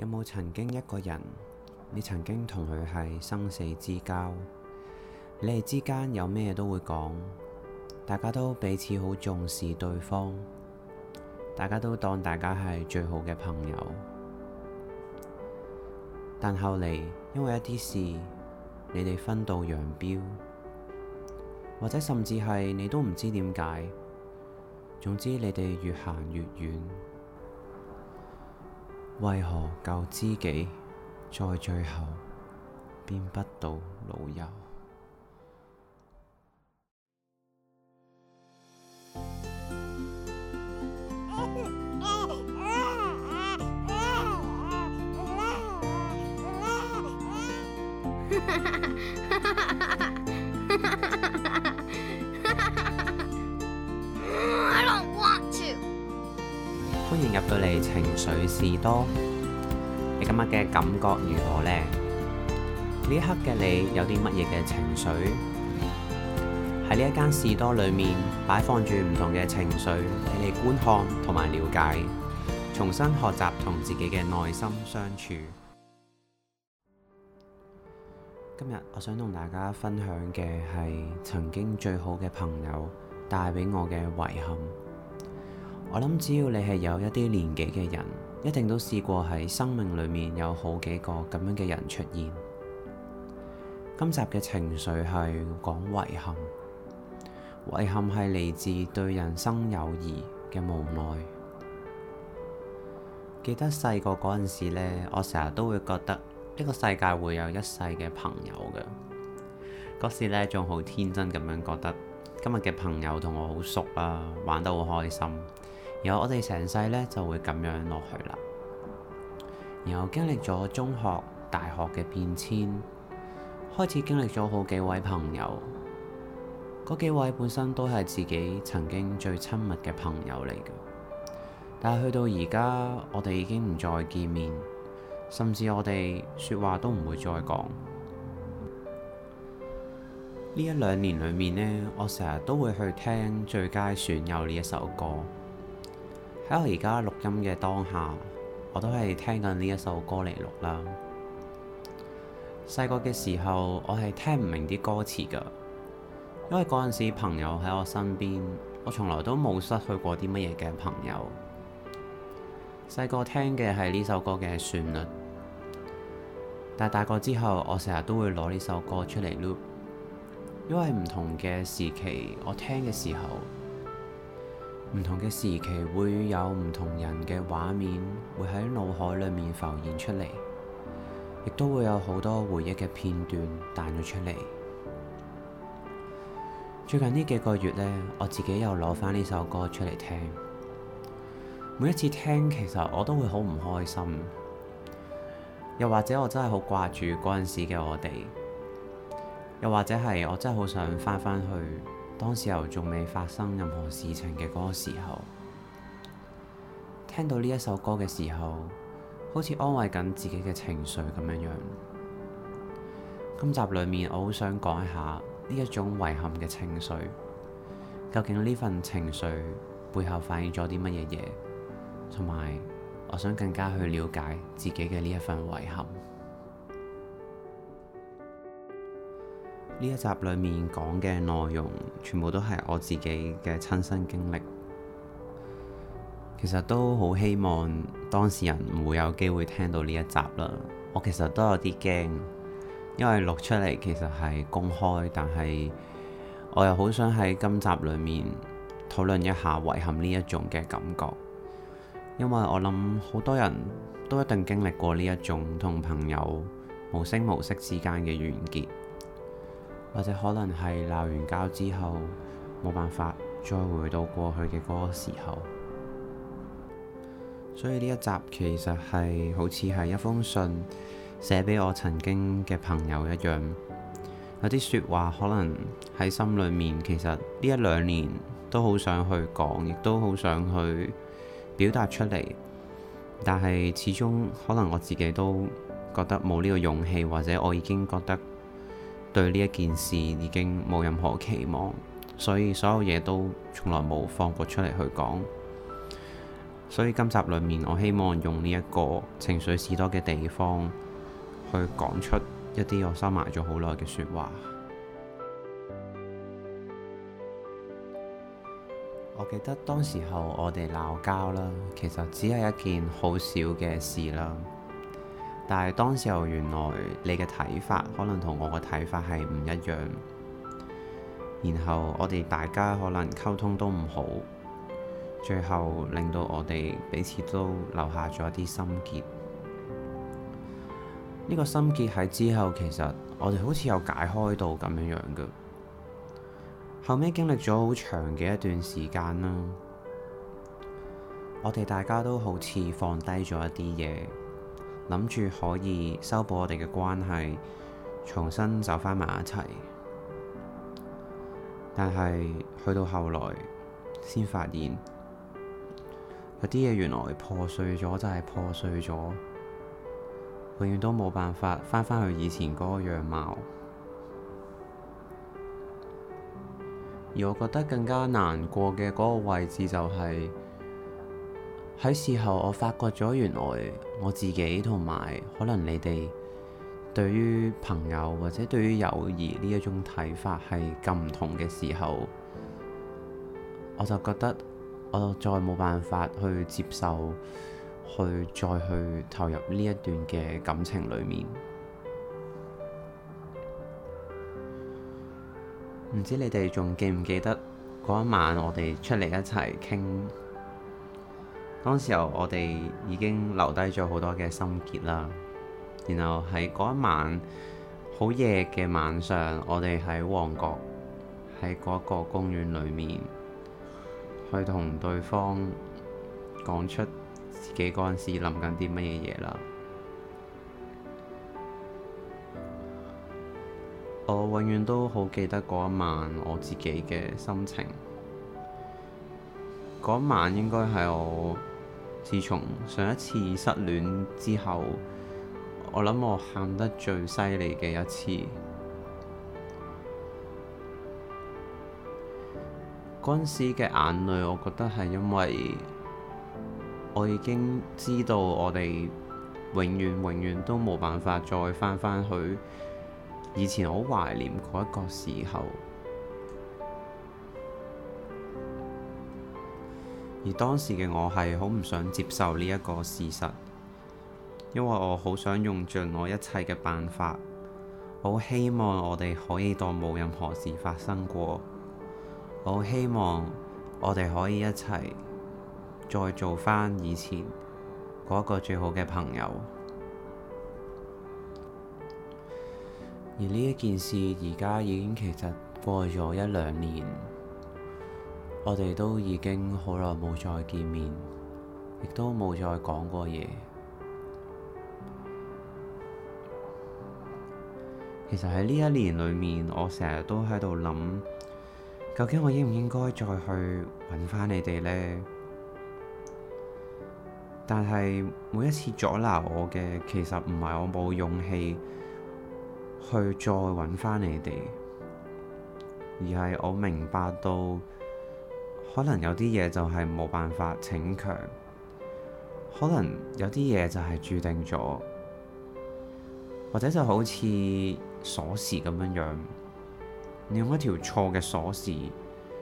有冇曾經一個人？你曾經同佢係生死之交，你哋之間有咩都會講，大家都彼此好重視對方，大家都當大家係最好嘅朋友。但後嚟因為一啲事，你哋分道揚鑣，或者甚至係你都唔知點解，總之你哋越行越遠。為何舊知己在最後變不到老友？ 入到嚟，情緒士多，你今日嘅感覺如何呢？呢一刻嘅你有啲乜嘢嘅情緒？喺呢一間士多裏面，擺放住唔同嘅情緒，俾你觀看同埋了解，重新學習同自己嘅內心相處。今日我想同大家分享嘅係曾經最好嘅朋友帶俾我嘅遺憾。我諗，只要你係有一啲年紀嘅人，一定都試過喺生命裏面有好幾個咁樣嘅人出現。今集嘅情緒係講遺憾，遺憾係嚟自對人生友誼嘅無奈。記得細個嗰陣時呢，我成日都會覺得呢個世界會有一世嘅朋友嘅。嗰時呢，仲好天真咁樣覺得，今日嘅朋友同我好熟啦，玩得好開心。然後我哋成世咧就會咁樣落去啦。然後經歷咗中學、大學嘅變遷，開始經歷咗好幾位朋友，嗰幾位本身都係自己曾經最親密嘅朋友嚟嘅，但係去到而家，我哋已經唔再見面，甚至我哋説話都唔會再講。呢一兩年裏面呢，我成日都會去聽《最佳損友》呢一首歌。喺我而家錄音嘅當下，我都係聽緊呢一首歌嚟錄啦。細個嘅時候，我係聽唔明啲歌詞噶，因為嗰陣時朋友喺我身邊，我從來都冇失去過啲乜嘢嘅朋友。細個聽嘅係呢首歌嘅旋律，但大個之後，我成日都會攞呢首歌出嚟錄，因為唔同嘅時期，我聽嘅時候，唔同嘅時期會有唔同人嘅畫面，會喺腦海裏面浮現出嚟，亦都會有好多回憶嘅片段彈咗出嚟。最近呢幾個月呢，我自己又攞翻呢首歌出嚟聽，每一次聽其實我都會好唔開心，又或者我真係好掛住嗰陣時嘅我哋，又或者係我真係好想翻返去。當時候仲未發生任何事情嘅嗰個時候，聽到呢一首歌嘅時候，好似安慰緊自己嘅情緒咁樣樣。今集裏面我好想講一下呢一種遺憾嘅情緒，究竟呢份情緒背後反映咗啲乜嘢嘢，同埋我想更加去了解自己嘅呢一份遺憾。呢一集裏面講嘅內容，全部都係我自己嘅親身經歷。其實都好希望當事人唔會有機會聽到呢一集啦。我其實都有啲驚，因為錄出嚟其實係公開，但係我又好想喺今集裏面討論一下遺憾呢一種嘅感覺。因為我諗好多人都一定經歷過呢一種同朋友無聲無息之間嘅完結。或者可能係鬧完交之後冇辦法再回到過去嘅嗰個時候，所以呢一集其實係好似係一封信寫俾我曾經嘅朋友一樣，有啲說話可能喺心裏面，其實呢一兩年都好想去講，亦都好想去表達出嚟，但係始終可能我自己都覺得冇呢個勇氣，或者我已經覺得，對呢一件事已經冇任何期望，所以所有嘢都從來冇放過出嚟去講。所以今集裡面，我希望用呢一個情緒士多嘅地方，去講出一啲我收埋咗好耐嘅説話。我記得當時候我哋鬧交啦，其實只係一件好小嘅事啦。但係當時候，原來你嘅睇法，可能同我嘅睇法係唔一樣，然後我哋大家可能溝通都唔好，最後令到我哋彼此都留下咗一啲心結。呢個心結喺之後，其實我哋好似有解開到咁樣樣嘅。後尾經歷咗好長嘅一段時間啦，我哋大家都好似放低咗一啲嘢。諗住可以修補我哋嘅關係，重新走返埋一齊。但係去到後來，先發現有啲嘢原來破碎咗就係破碎咗，永遠都冇辦法翻返去以前嗰個樣貌。而我覺得更加難過嘅嗰個位置就係。喺事後，時候我發覺咗原來我自己同埋可能你哋對於朋友或者對於友誼呢一種睇法係咁唔同嘅時候，我就覺得我再冇辦法去接受，去再去投入呢一段嘅感情裡面。唔知你哋仲記唔記得嗰一晚我哋出嚟一齊傾？當時候我哋已經留低咗好多嘅心結啦，然後喺嗰一晚好夜嘅晚上，我哋喺旺角喺嗰個公園裏面，去同對方講出自己嗰陣時諗緊啲乜嘢嘢啦。我永遠都好記得嗰一晚我自己嘅心情。嗰一晚應該係我，自從上一次失戀之後，我諗我喊得最犀利嘅一次嗰陣時嘅眼淚，我覺得係因為我已經知道我哋永遠永遠都冇辦法再翻返去以前，好懷念嗰一個時候。而當時嘅我係好唔想接受呢一個事實，因為我好想用盡我一切嘅辦法，好希望我哋可以當冇任何事發生過，好希望我哋可以一齊再做翻以前嗰個最好嘅朋友。而呢一件事而家已經其實過咗一兩年。我哋都已經好耐冇再見面，亦都冇再講過嘢。其實喺呢一年裏面，我成日都喺度諗，究竟我應唔應該再去揾翻你哋呢？但係每一次阻撓我嘅，其實唔係我冇勇氣去再揾翻你哋，而係我明白到。可能有啲嘢就係冇辦法逞強，可能有啲嘢就係注定咗，或者就好似鎖匙咁樣樣，你用一條錯嘅鎖匙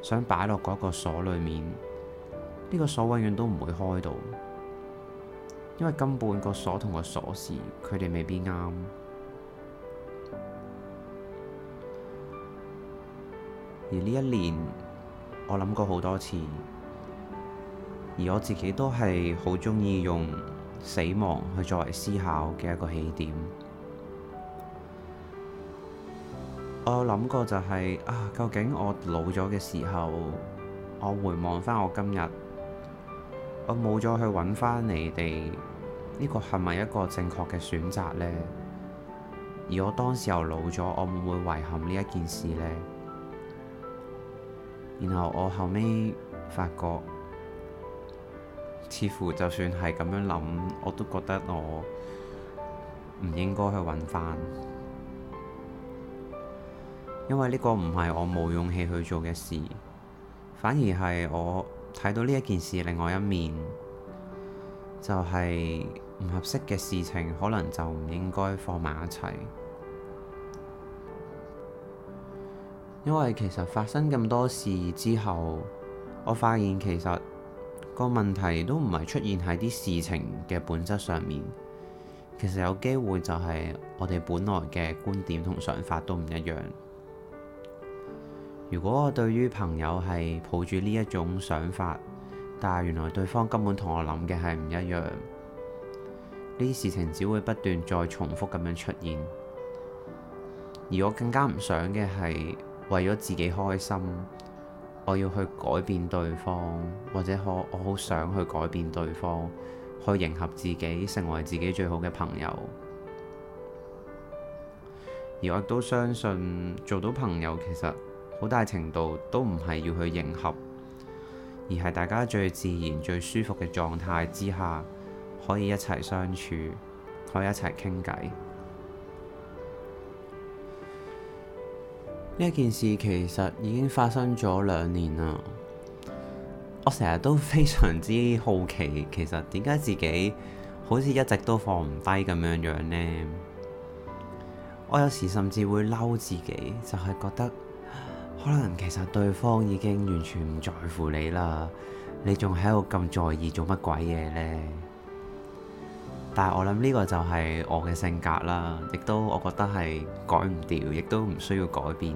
想擺落嗰個鎖裏面，呢個鎖永遠都唔會開到，因為根本個鎖同個鎖匙佢哋未必啱，而呢一年。我諗過好多次，而我自己都係好中意用死亡去作為思考嘅一個起點。我有諗過就係、是、啊，究竟我老咗嘅時候，我回望翻，我今日，我冇咗去揾翻你哋，呢個係咪一個正確嘅選擇呢？而我當時又老咗，我唔會遺憾呢一件事呢。」然後我後尾發覺，似乎就算係咁樣諗，我都覺得我唔應該去揾翻，因為呢個唔係我冇勇氣去做嘅事，反而係我睇到呢一件事另外一面，就係唔合適嘅事情，可能就唔應該放埋一齊。因為其實發生咁多事之後，我發現其實個問題都唔係出現喺啲事情嘅本質上面，其實有機會就係我哋本來嘅觀點同想法都唔一樣。如果我對於朋友係抱住呢一種想法，但係原來對方根本同我諗嘅係唔一樣，呢啲事情只會不斷再重複咁樣出現。而我更加唔想嘅係～為咗自己開心，我要去改變對方，或者我我好想去改變對方，去迎合自己，成為自己最好嘅朋友。而我都相信，做到朋友其實好大程度都唔係要去迎合，而係大家最自然、最舒服嘅狀態之下，可以一齊相處，可以一齊傾偈。呢件事其實已經發生咗兩年啦，我成日都非常之好奇，其實點解自己好似一直都放唔低咁樣樣呢？我有時甚至會嬲自己，就係覺得可能其實對方已經完全唔在乎你啦，你仲喺度咁在意做乜鬼嘢呢？但係我諗呢個就係我嘅性格啦，亦都我覺得係改唔掉，亦都唔需要改變，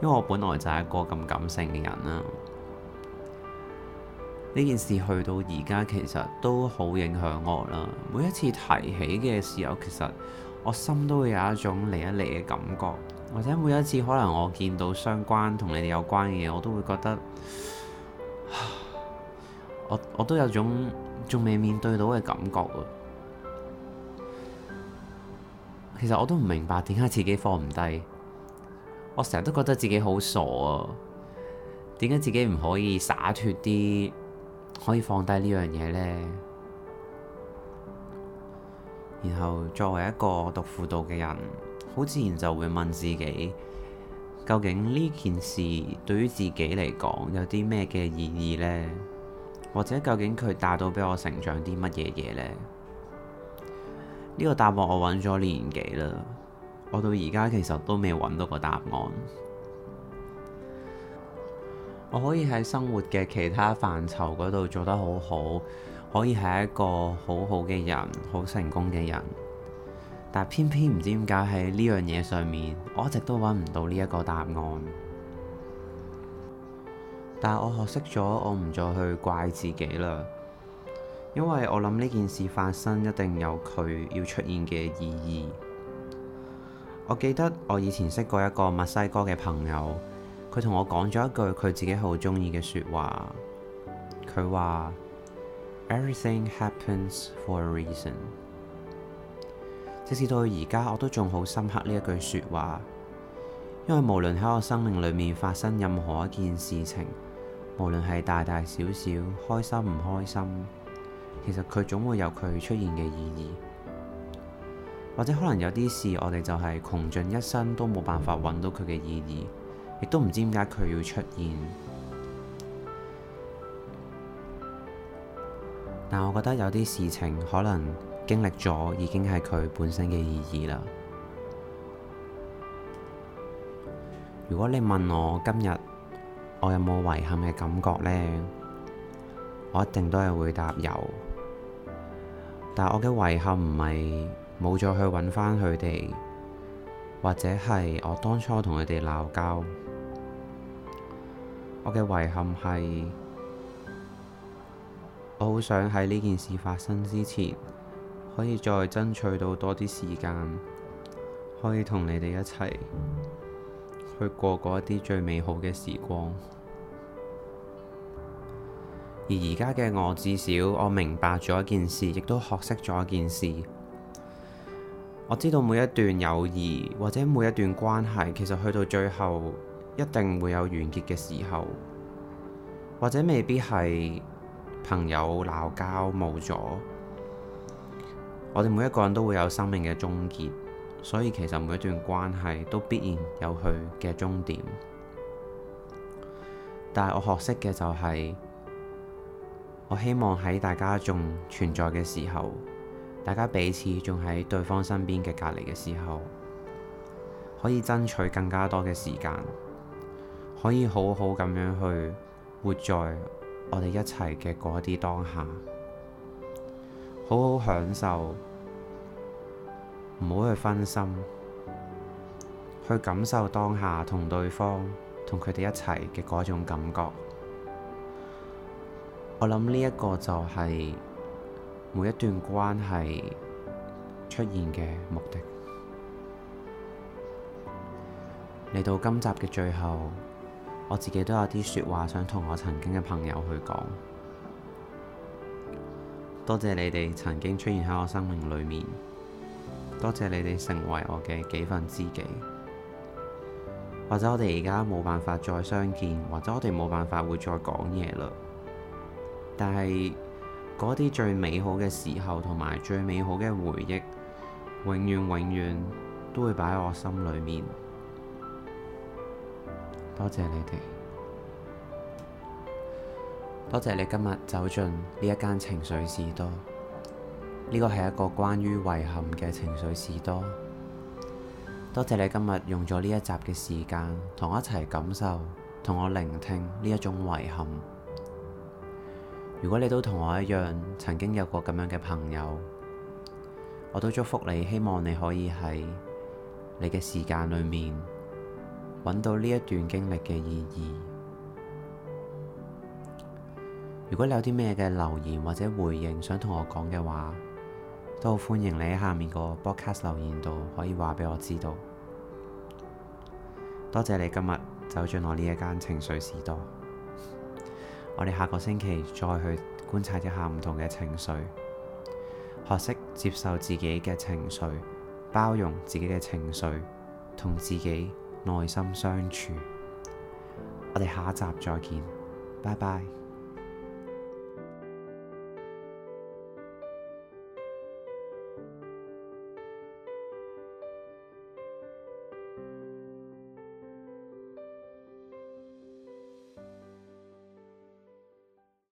因為我本來就係一個咁感性嘅人啦。呢件事去到而家其實都好影響我啦。每一次提起嘅時候，其實我心都會有一種離一離嘅感覺，或者每一次可能我見到相關同你哋有關嘅嘢，我都會覺得，我我都有種仲未面對到嘅感覺，其實我都唔明白點解自己放唔低，我成日都覺得自己好傻啊，點解自己唔可以灑脱啲，可以放低呢樣嘢呢？然後作為一個讀輔導嘅人，好自然就會問自己，究竟呢件事對於自己嚟講有啲咩嘅意義呢？或者究竟佢帶到俾我成長啲乜嘢嘢呢？呢個答案我揾咗年幾啦，我到而家其實都未揾到個答案。我可以喺生活嘅其他範疇嗰度做得好好，可以係一個好好嘅人，好成功嘅人，但偏偏唔知點解喺呢樣嘢上面，我一直都揾唔到呢一個答案。但我學識咗，我唔再去怪自己啦。因為我諗呢件事發生一定有佢要出現嘅意義。我記得我以前識過一個墨西哥嘅朋友，佢同我講咗一句佢自己好中意嘅說話。佢話：Everything happens for a reason。即使到而家，我都仲好深刻呢一句說話，因為無論喺我生命裏面發生任何一件事情。無論係大大小小，開心唔開心，其實佢總會有佢出現嘅意義。或者可能有啲事，我哋就係窮盡一生都冇辦法揾到佢嘅意義，亦都唔知點解佢要出現。但我覺得有啲事情可能經歷咗，已經係佢本身嘅意義啦。如果你問我今日，我有冇遺憾嘅感覺呢？我一定都係會答有，但我嘅遺憾唔係冇再去揾返佢哋，或者係我當初同佢哋鬧交。我嘅遺憾係，我好想喺呢件事發生之前，可以再爭取到多啲時間，可以同你哋一齊去過過一啲最美好嘅時光。而而家嘅我，至少我明白咗一件事，亦都學識咗一件事。我知道每一段友誼或者每一段關係，其實去到最後一定會有完結嘅時候，或者未必係朋友鬧交冇咗。我哋每一個人都會有生命嘅終結，所以其實每一段關係都必然有佢嘅終點。但係我學識嘅就係，我希望喺大家仲存在嘅時候，大家彼此仲喺對方身邊嘅隔離嘅時候，可以爭取更加多嘅時間，可以好好咁樣去活在我哋一齊嘅嗰啲當下，好好享受，唔好去分心，去感受當下同對方同佢哋一齊嘅嗰種感覺。我諗呢一個就係每一段關係出現嘅目的。嚟到今集嘅最後，我自己都有啲說話想同我曾經嘅朋友去講。多謝你哋曾經出現喺我生命裏面，多謝你哋成為我嘅幾分知己。或者我哋而家冇辦法再相見，或者我哋冇辦法會再講嘢嘞。但係嗰啲最美好嘅時候同埋最美好嘅回憶，永遠永遠都會擺喺我心裏面。多謝你哋，多謝你今日走進呢一間情緒士多。呢個係一個關於遺憾嘅情緒士多。多謝你今日用咗呢一集嘅時間，同我一齊感受，同我聆聽呢一種遺憾。如果你都同我一樣，曾經有過咁樣嘅朋友，我都祝福你，希望你可以喺你嘅時間裏面揾到呢一段經歷嘅意義。如果你有啲咩嘅留言或者回應想同我講嘅話，都好歡迎你喺下面個 broadcast 留言度可以話俾我知道。多謝你今日走進我呢一間情緒士多。我哋下個星期再去觀察一下唔同嘅情緒，學識接受自己嘅情緒，包容自己嘅情緒，同自己內心相處。我哋下集再見，拜拜。